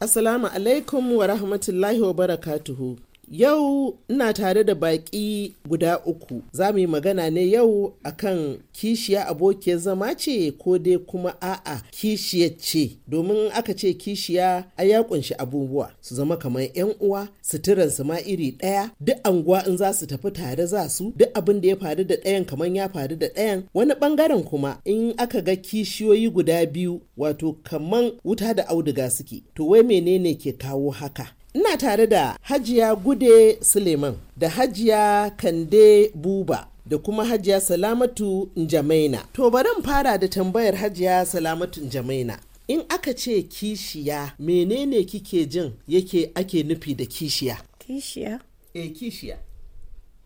Assalamu alaikum wa rahmatullahi wa barakatuhu. Yau ina tare da baƙi guda uku, za mu yi magana ne yau akan kishiya abokiyar zama ce ko dai kuma a'a kishiya ce, domin aka ce kishiya a ya kunshi abubuwa su zama kamar 'yan uwa, suturan su ma iri ɗaya, duk anguwa in za su tafi tare za su, duk abin da ya faru da ɗayan kamar ya faru da ɗayan. Wani ɓangaren kuma in aka ga kishiyoyi guda biyu wato kamar wuta da auduga suke, to wai menene ke kawo haka? ina tare da hajiya gude suleiman da hajiya kande buba da kuma hajiya salamatu njamaina to bari fara da tambayar hajiya salamatu njamaina in aka ce kishiya menene kike jin yake ake nufi da kishiya kishiya e kishiya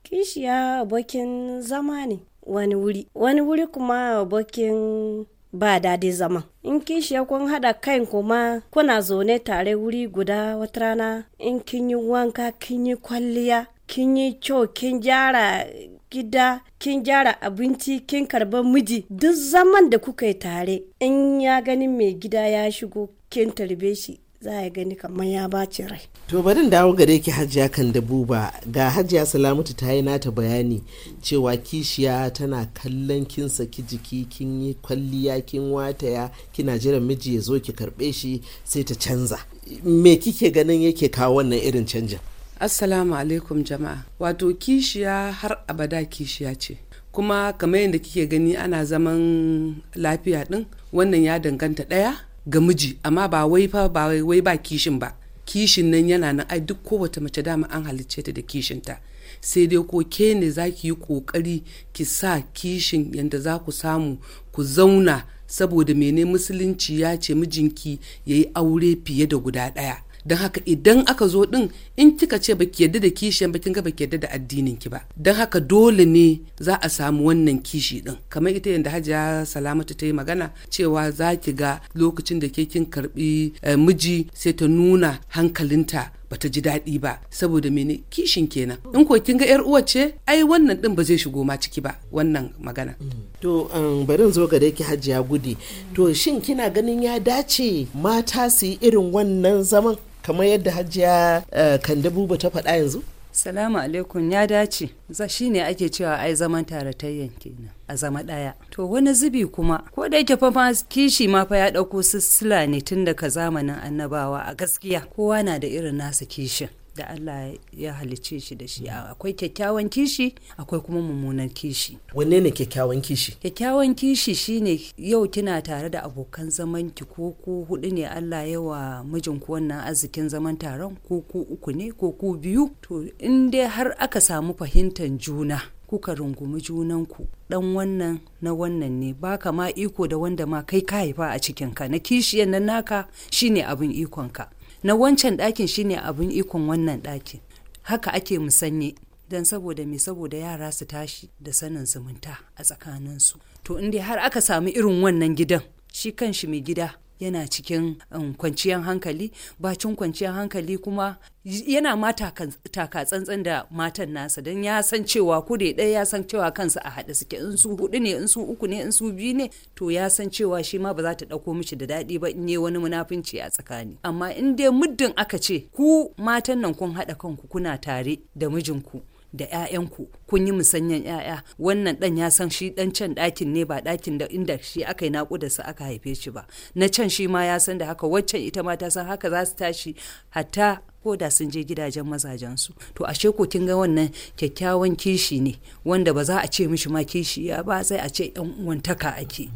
kishiya abokin zama ne wani wuri wani wuri kuma abokin ba daɗi zaman in shi kun haɗa kai kuma kuna zaune tare wuri guda wata rana in kin yi wanka kin yi kwalliya kin yi kyau kin gyara gida kin gyara abinci kin karba miji duk zaman da kuka yi tare in ya ganin mai gida ya shigo kin tarbe shi za a gani kamar ya baci rai. To barin dawo gare ki hajiya kan ba ga hajiya salamatu ta yi nata bayani cewa kishiya tana kallon kin saki jiki kin yi kwalliya kin wataya kina jiran miji ya zo ki karɓe shi sai ta canza. Me kike ganin yake kawo wannan irin canjin? Assalamu alaikum jama'a. Wato kishiya har abada kishiya ce. Kuma kamar yadda kike gani ana zaman lafiya din wannan ya danganta ɗaya ga miji amma ba wai fa ba wai ba kishin ba kishin nan yana nan ai duk kowace mace dama an halicce ta da kishin ta sai dai ko ke ne za ki yi kokari ki sa kishin yadda za ku samu ku zauna saboda mene musulunci ya ce mijinki ya yi aure fiye da guda ɗaya don haka idan aka zo din in kika ce baki yadda da kishiyan ba kin ga baki yadda da addinin ki ba don haka dole ne za a samu wannan kishi din kamar ita yadda hajiya salamatu ta yi magana cewa za ki ga lokacin da ke kin karbi eh, miji sai ta nuna hankalinta bata ji daɗi ba saboda mene kishin kenan in ko kin ga yar uwa ce ai wannan din ba zai shigo ma ciki ba wannan magana mm. to um, barin zo ga ki hajiya gudi to shin kina ganin ya dace mata su yi irin wannan zaman kamar yadda hajiya eh, kande buba ta faɗa yanzu salamu alaikum ya dace shi ne ake cewa ai zaman taratayyan kenan a zama ɗaya to wani zubi kuma ko da yake fa kishi ma fa ya ɗauko sissila ne tun daga zamanin annabawa a gaskiya kowa na da irin nasa kishin da Allah ya halicce shi da shi akwai kyakkyawan kishi akwai kuma mummunan kishi wanne ne kyakkyawan kishi kyakkyawan kishi shine yau kina tare da abokan zaman ki ko ku hudu ne Allah ya wa mijin ku wannan arzikin zaman taron ko ku uku ne ko ku biyu to in dai har aka samu fahimtar juna kuka rungumi junanku dan wannan na wannan ne baka ma iko da wanda ma kai ka haifa a cikin ka na kishiyan nan naka shine abin ikonka na wancan ɗakin shine abin ikon wannan ɗakin haka ake musanye don saboda me saboda yara su tashi da sanin zumunta a tsakaninsu to inda har aka samu irin wannan gidan shi kanshi mai gida yana cikin um, kwanciyar hankali bacin kwanciyar hankali kuma yana ma taka tsantsan da matan nasa don ya san cewa kure ɗaya ya san cewa kansa a haɗa suke in su hudu ne in su uku ne in su biyu ne to ya san cewa shi ma ba za ta ɗauko mishi da daɗi ba in ne wani munafinci a tsakani amma in dai muddin aka ce ku matan nan kun haɗa kanku kuna tare da mijinku da 'ya'yanku kun yi musanyen 'ya'ya wannan ɗan ya san shi ɗan can ɗakin ne ba ɗakin da inda shi aka yi su aka haife shi ba na can shi ma ya san da haka waccan ita ma ta san haka za su tashi hatta ko da sun je gidajen mazajensu to ashe ko kin ga wannan kyakkyawan kishi ne wanda ba za a ce mishi ma kishi ya ba sai a ce yan uwantaka ake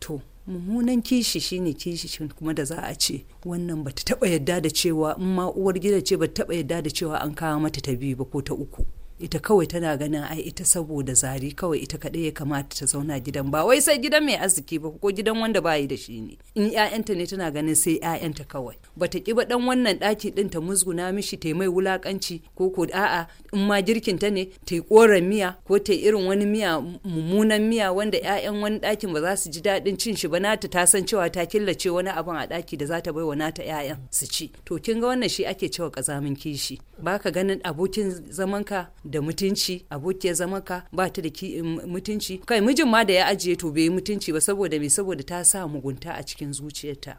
to mummunan kishi shine kishi kuma da za a ce wannan bata taba yadda da cewa in ma uwar gida ce bata taba yadda da cewa an kawo mata ta biyu ba ko ta uku ita kawai tana ganin ai ita saboda zari kawai ita kaɗai ya kamata ta zauna gidan ba wai sai gidan mai arziki ba ko gidan wanda bayi da shi ne in ƴaƴanta ne tana ganin sai ƴaƴanta kawai bata ki ba dan wannan ɗaki ɗin ta musguna mishi ta mai wulakanci ko ko a'a in ma girkin ta ne ta yi koren miya ko ta irin wani miya mummunan miya wanda ƴaƴan wani ɗakin ba za su ji daɗin cin shi ba nata ta san cewa ta killace wani abin a ɗaki da za ta bai wa nata ƴaƴan su ci to kin ga wannan shi ake cewa ƙazamin kishi baka ganin abokin zamanka da mutunci abokiyar zamanka ba ta da mm, mutunci kai mijin ma da ya ajiye to bai yi mutunci ba saboda me saboda ta sa mugunta a cikin zuciyarta